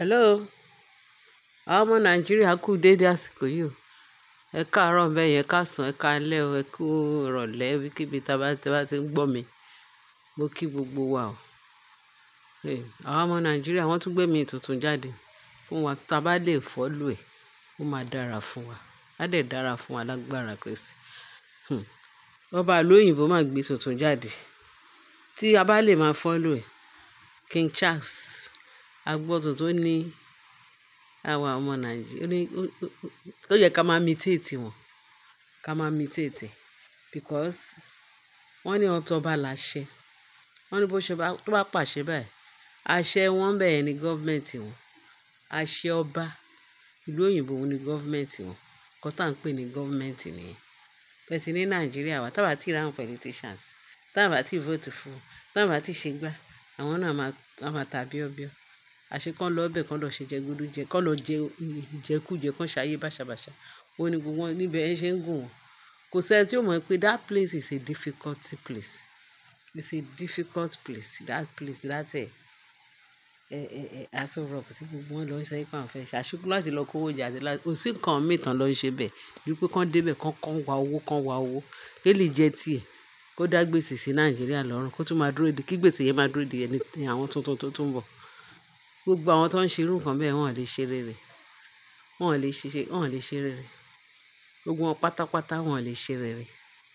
Hello. Àwọn ọmọ Nàìjíríà kù dédé àsìkò yìí o. Ẹ káàárọ̀ ńbẹ̀ yẹn, ẹ káàsán, ẹ káalẹ́ o, ẹ kú ìrọ̀lẹ́ ibikíbi tí a bá ti ń gbọ́ mi. Mo kí gbogbo wa o. Àwọn ọmọ Nàìjíríà wọ́n tún gbé mi tuntun jáde fún wa tí a bá lè follow ẹ̀, ó máa dára fún wa. A dẹ̀ dára fún wa lágbára Kristi. Hmm. Ọba ìlú òyìnbó máa gbé tuntun jáde tí a bá lè máa follow ẹ̀. King Charles. agbọ́tọ̀ tó ní àwa ọmọ Nàìjíríà ó yẹ ká máa imitate wọn ká máa imitate because wọ́n ní ohun tó bá láṣẹ wọ́n ní bó ṣe bá tó bá pàṣẹ báyìí àṣẹ wọn bẹ̀rẹ̀ ní gọ́ọ̀mẹ̀ntì wọn àṣẹ ọba ìlú òyìnbó ní gọ́ọ̀mẹ̀ntì wọn kọ́ tá à ń pè ní gọ́ọ̀mẹ̀ntì nìyẹn bẹ́ẹ̀ sì ní Nàìjíríà wa tábà tí ìràwọn politicians tábà tí vote fún tábà tí ṣe gbá àwọn náà máa tàbí ọbẹ̀ àṣé kán lọ bẹ̀ kán lọ ṣe jẹgúdú jẹ kán lọ jẹ ìjẹkújẹ kán ṣayé bàṣàbàṣà ó ní gbogbo wọn níbẹ̀ ẹ ṣe ń gùn wọn kò sẹ́ni tí ó mọ̀ pé that place is a difficult place it's a difficult place that place that ẹ̀ ẹ̀ ẹ̀ aṣọ rock tí gbogbo wọn lọ ń sẹ́yìn kan fẹ́ ṣàṣùkú láti lọ kówó jà àti láti kò sí míì tán lọ ń ṣe bẹ̀ wípé kán débẹ̀ kán kán wá owó kán wá owó kéèlì jẹ tiẹ̀ kó dá gbèsè sí nàìjíríà lọ́rùn kó tún máa dúró de kí gbèsè yẹn máa dúró de ẹni àwọn tuntun tó tún bọ̀. Gbogbo àwọn tó ń ṣe irú nǹkan bẹ́ẹ̀ wọ́n ò lè ṣe rere. Wọn ò lè ṣe, wọ́n ò lè ṣe rere. Gbogbo wọn pátápátá wọ́n ò lè ṣe rere.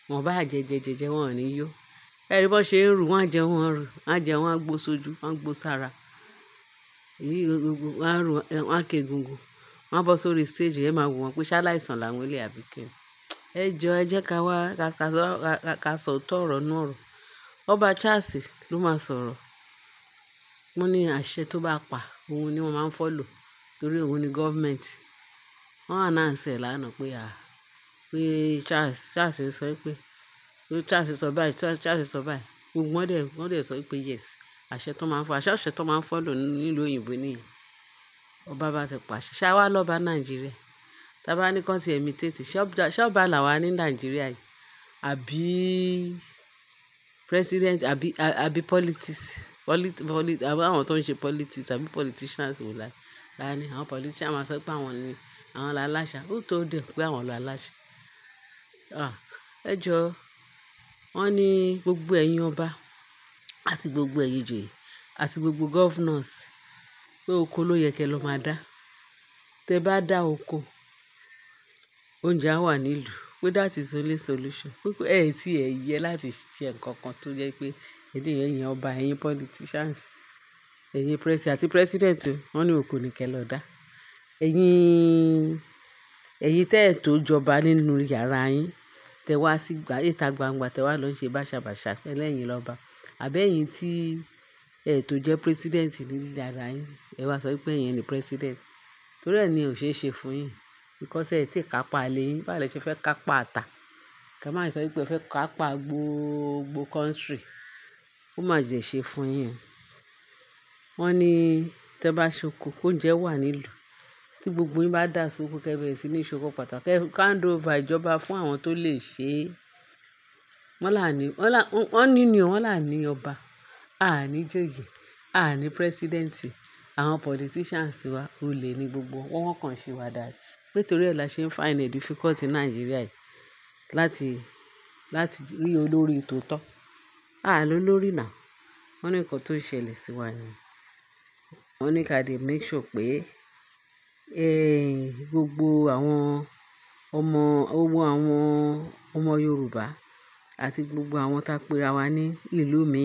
Wọn bá jẹjẹjẹjẹ wọ́n ò ní yó. Ẹ rí bí wọ́n ṣe ń rù, wọ́n á jẹun, wọ́n á rù. Wọ́n á jẹun, wọ́n á gbó sójú, wọ́n á gbó sára. Èyí gbogbo wọ́n á rù, wọ́n á ké egungun. Wọ́n á bọ́ sórí stage, ẹ máa wò wọ́n pé ṣáláìsàn làwọn eléyi àbí kíni. Ẹ jọ ẹ jẹ́ ká wá, ká sọ òótọ́ ọ̀rọ̀ nù ọ̀rọ̀. Ọba Charles ló máa sọ̀rọ̀ Wọ́n ní àṣẹ tó bá pa, òun ni wọ́n máa ń follow torí òun ni government. Wọ́n announce ẹ̀ lánàá pé à, pé Charles, Charles ń sọ pé, pé Charles sọ báyìí, Charles sọ báyìí. Gbogbo wọ́n dẹ̀, wọ́n dẹ̀ sọ pé yes. Àṣẹ tó máa ń fọ, àṣẹ àṣẹ tó máa ń follow nílùú òyìnbó nìyẹn. Ọba bá ti pàṣẹ. Ṣé àwa lọ́ba Nàìjíríà? Tí a bá ní kán ti imitate, ṣé ọba, ṣé ní Nàìjíríà yìí? Àbí president, àbí, àbí politics? polit polit àbí àwọn tó ń ṣe politics àbí politicians wò láì láì àwọn politicians máa sọ pé àwọn ni àwọn la láṣà ó tó dẹ̀ pé àwọn la láṣà ẹ jọ wọ́n ní gbogbo ẹ̀yin ọba àti gbogbo ẹ̀yin ìjòyè àti gbogbo governors pé oko ló yẹ kẹ́ lọ máa dá tẹ́ bá dá oko oúnjẹ á wà nílùú pé that is only solution. Pé ẹ tí ẹ yẹ láti ṣe nǹkan kan tó jẹ́ pé ẹ̀yin ẹ̀yin ọba, ẹ̀yin politicians, ẹ̀yin presi àti president wọ́n ní òkò ní kẹ lọ dá. Ẹ̀yin, ẹ̀yin tẹ́ ẹ̀ tó jọba nínú yàrá yín, tẹ wá sí ìta gbangba, tẹ wá lọ ṣe bàṣàbàṣà ẹlẹ́yin lọ́ba. Àbí ẹ̀yin tí ẹ tó jẹ́ president nínú yàrá yín, ẹ wá sọ pé ẹ̀yin ni president. Torí ẹ ni ò fún yín because ẹ tí kápá ilẹ̀ yín báwo lẹ ṣe fẹ́ kápá ata. Kẹ má sọ wípé ẹ fẹ́ kápá gbogbo country, ó má jẹ̀ ṣe fún yín. Wọ́n ní tí ẹ bá ṣoko, kóúnjẹ wà nílùú, tí gbogbo yín bá dà sóko kẹ bẹ̀rẹ̀ sí ní ṣoko pàtàkì, kẹ hand over ìjọba fún àwọn tó lè ṣe é. Wọ́n là ní, wọ́n là, ní ni o, wọ́n là ní ọba, a ní joyè, a àwọn politicians wa olè ni gbogbo wọn, wọ́n kàn ṣe wa dàbí pé torí ẹ̀ la ṣe ń find it difficult ní Nàìjíríà yìí láti, láti rí olórí tòótọ́. Aà lólórí now. Wọ́n ní nǹkan tó ń ṣẹlẹ̀ sí wa ni. Wọ́n ní ká dè make sure pé, eh, gbogbo àwọn ọmọ, gbogbo àwọn ọmọ Yorùbá àti gbogbo àwọn tapera wa ní ìlú mi,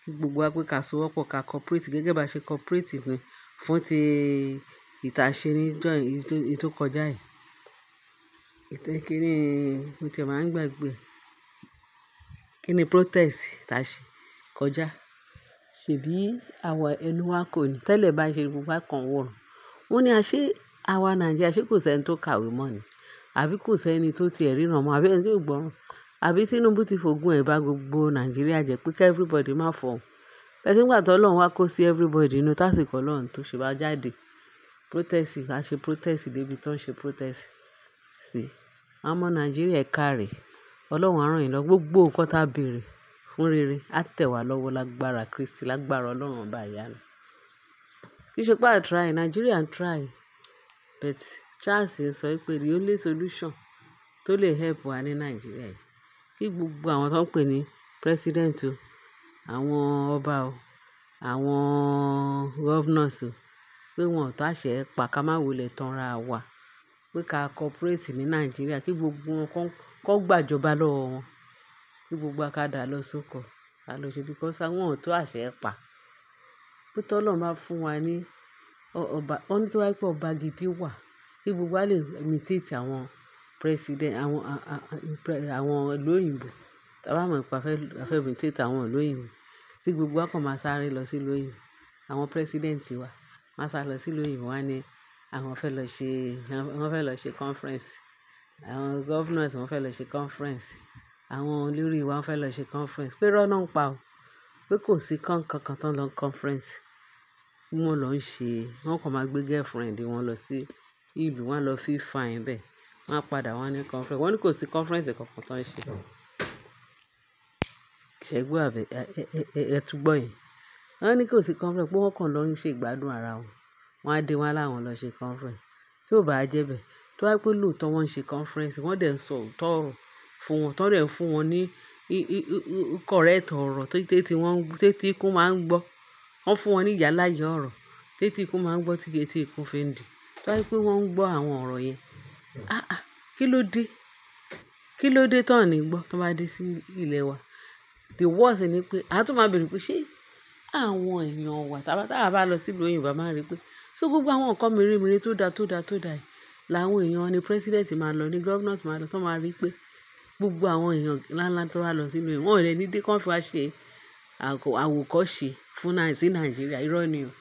kí gbogbo wa pé ká so wọ́pọ̀ ká cooperate gẹ́gẹ́ bí a ṣe cooperate fún ti èyí tí a ṣe níjọ́ èyí tó kọjá yìí. Kíni mo ti máa ń gbàgbé. Kíni protest tí a ṣe kọjá. Ṣèbí àwa ẹnu wa kò ní tẹ́lẹ̀ bá ṣe gbogbo bákan wòran. Wọ́n ní a ṣé àwa Nàìjíríà ṣé kò sí ẹni tó kàwé mọ́ ni? Àbí kò sí ẹni tó ti ẹ̀ ríran mọ́? Àbí ẹni tí ò Àbí Tinubu ti fògun ẹ̀ bá gbogbo Nàìjíríà jẹ́ pé kí everybody má fọhùn? Ṣé nígbà tí Ọlọ́run wá kó sí everybody inú tásìkò Ọlọ́run tó ṣe bá jáde protest, a ṣe protest débi tó ń ṣe protest sí. Àwọn ọmọ Nàìjíríà ẹ káàárè, Ọlọ́run á ràn yín lọ. Gbogbo nǹkan táa bèrè fún rere á tẹ̀ wá lọ́wọ́ lágbára Kristi, lágbára Ọlọ́run ọba ìyanu. Kì í ṣe pé try, Nigeria ń try. But Charles ń sọ pé the only solution tó lè help wa ní Nàìjíríà yìí, kí gbogbo àwọn tó ń pè ní president o, àwọn ọba o, àwọn governors o pé wọn ò táṣẹ́ pa ká má wulẹ̀ tanra wa, pé ká cooperate ní Nàìjíríà kí gbogbo wọn kó gbàjọba lọ́wọ́ wọn, kí gbogbo wa ká dà lọ sóko, ká lọ ṣe because wọn ò tó àṣẹ pa. Pé tí Ọlọ́run bá fún wa ní ọba, ó ní tí wá pé ọba gidi wà tí gbogbo wa lè imitate àwọn president, àwọn, àwọn olóyìnbo. Tí a bá mọ̀ pé a fẹ́, a fẹ́ imitate àwọn olóyìnbo tí gbogbo wa kàn máa sáré lọ sí olóyìnbo, àwọn president wa wọ́n sá lọ sílùú òyìnbó wọ́n ní àwọn fẹ́ lọ ṣe wọ́n fẹ́ lọ ṣe conference àwọn governors wọ́n fẹ́ lọ ṣe conference àwọn olórí wa wọ́n fẹ́ lọ ṣe conference pé rọ́nà ń pa o pé kò sí kankan kan tó ń lọ conference wọ́n lọ ń ṣe wọ́n kàn máa gbé girlfriend wọn lọ sí ìlú wọn lọ fi fine bẹ́ẹ̀ wọ́n á padà wọ́n ní conference wọ́n ní kò sí conference kankan tó ń ṣe ṣẹ́gbọ́n àbẹ ẹ yìí. Wọ́n ní kò sí conference pé wọ́n kàn lọ ń ṣe ìgbádùn ara wọn. Wọ́n á dé wọ́n láwọn lọ ṣe conference. Tí ó bá jẹ́ bẹ́ẹ̀, tó bá pé lóòótọ́ wọ́n ń ṣe conference, wọ́n dẹ̀ ń sọ òótọ́ ọ̀rọ̀ fún wọn, tọ́ dẹ̀ ń fún wọn ní correct ọ̀rọ̀ tí wọ́n, tí ikún máa ń gbọ́. Wọ́n fún wọn ní ìyáláyé ọ̀rọ̀ tí etíkun máa ń gbọ́ tí etí ikún fi ń di. Tó bá pé wọ́n ń gbọ́ àwọn ọ̀rọ̀ yẹn, "àáà, kí ló dé? Kí ló dé tọ́ ní gbọ́?" Tí bá dé sí ilẹ̀ wa. The worst ni pé a tún máa bèèrè pé ṣé àwọn èèyàn wa táa bá lọ sí ìlú òyìnbó a máa rí pé so gbogbo àwọn nǹkan mèremère tó da tó da tó da yìí làwọn èèyàn wa ni president máa lọ ni governor máa lọ tó máa rí pé gbogbo àwọn èèyàn ńláńlá tó wá lọ sí ìlú òyìnbó wọn ò lè ní dé kán fi wá ṣe àwòkọ́ṣe fún sí nàìjíríà irọ́ ni o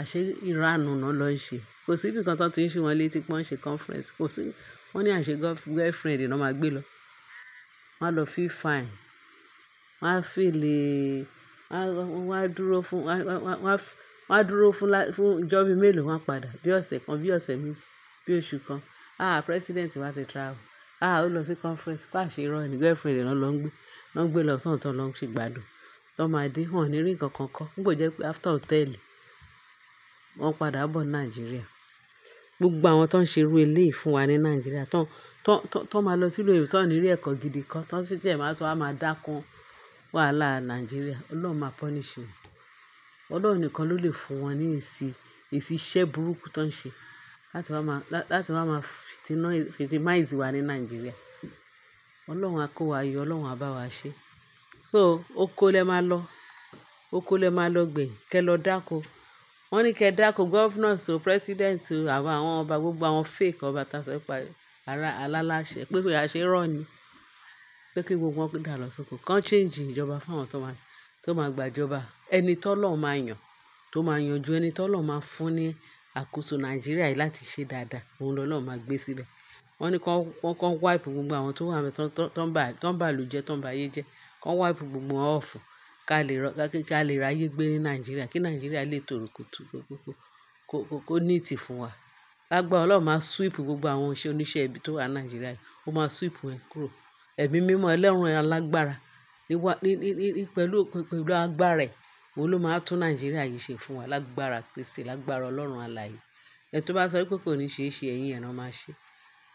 àṣé ìranù náà ló ń ṣe kò sí ibìkan tó ti ń ṣe wọn létí pé wọ́n ṣe conference kò sí wọ́n ní àṣẹ girlfriend náà máa gbé lọ wọ́n á lọ feel fine wọ́n á feel. Eh, wọ́n á dúró fún, wọ́n á dúró fún ìjọ́ bí mélòó wọ́n á padà bí ọ̀sẹ̀ kan, bí ọ̀sẹ̀ méjì, bí oṣù kan. Ah! President wa ti travel. Ah! Ó lọ sí conference. Pá àṣé irọ́ ni girlfriend rẹ̀ lọ́ lọ ń gbé. Lọ́ ń gbé lọ sọ́hun tán lọ́ ń ṣe ìgbádùn. Tán máa dé, wọ́n ò ní rí nǹkan kan kọ́. Nígbà ó jẹ́ pé after hotel, wọ́n padà bọ̀ Nàìjíríà. Gbogbo àwọn tó ń ṣe irú eléyìí fún wa ní Nàìjíríà, tán, tán, tán máa lọ sí ìlú òyìnbó, tán ò ní rí ẹ̀kọ́ gidi kọ́. Tán tún tiẹ̀ máa tún wá máa dákún wàhálà Nàìjíríà. Ọlọ́run máa punish wọn. Ọlọ́run nìkan ló lè fún wọn ní èsì, èsì iṣẹ́ burúkú tó ń ṣe láti wá máa, láti wá máa ní Nàìjíríà. Ọlọ́run á kó Ọlọ́run á ṣe. So oko lẹ máa lọ, oko lẹ máa lọ gbìn, kẹ lọ dáko. Wọ́n ní kí ẹ dáko, governors o, president o, àwọn ọba, gbogbo àwọn fake ọba ta sọ pé alálàṣẹ, pé a ṣe irọ́ ni pé kí gbogbo wọn dà lọ sóko. Kán change ìjọba fún àwọn tó máa, tó máa gbàjọba. Ẹni tó Ọlọ́run máa yàn, tó máa yanjú, ẹni tó Ọlọ́run máa fún ní àkóso Nàìjíríà yìí láti ṣe dáadáa, òun ló Ọlọ́run máa gbé síbẹ̀. Wọ́n ní kó, kó wipe gbogbo àwọn tó wà níbẹ̀ tó, tó, tó ń bà, tó ń bà ìlú jẹ́, tó ń bà ayé jẹ́. Kó wipe gbogbo wọn off. Ka lè ráyé gbé ní Nàìjíríà. Kí Nàìjíríà lè tòrò kó, kó, kó, fún wa. Lágbára Ọlọ́run máa sweep gbogbo àwọn oníṣẹ́ ibi tó wà Nàìjíríà Ó máa sweep wọn kúrò ẹ̀mí mímọ́ Ọlọ́run alágbára pẹ̀lú pẹ̀lú agbára ẹ̀, òun ló máa tún Nàìjíríà yìí ṣe fún wa lágbára Kristi, lágbára Ọlọ́run alààyè. Ẹni tó bá sọ wípé kò ní ṣe é ṣe, ẹ̀yin ẹ̀ ná máa ṣe.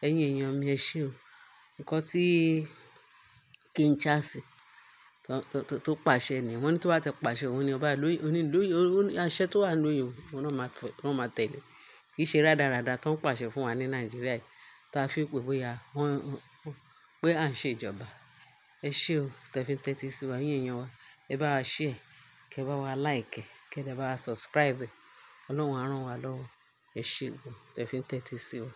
Ẹ̀yin èèyàn mi ẹ ṣé o. Ǹkan tí King Charles tó pàṣẹ ni, wọ́n ní tó bá ti pàṣẹ, òun ni ọba lóyè, àṣẹ tó wà lóyè òun náà máa tẹ̀lé. Kì í ṣe rádaràda tó ń pàṣẹ fún wa ní Nàìjíríà yìí, táa fi pè bóyá wọ́n pé à ń ṣe ìjọba. Ẹ ṣé o, tẹ fi ń tẹ́tí sí wa, yin èèyàn wa. Ẹ bá wa share, kí ẹ bá wa like, kí ẹ dẹ bá wa subscribe. Ọlọ́run á rán wa lọ́wọ́. Ẹ ṣé gan, tẹ fi sí wa.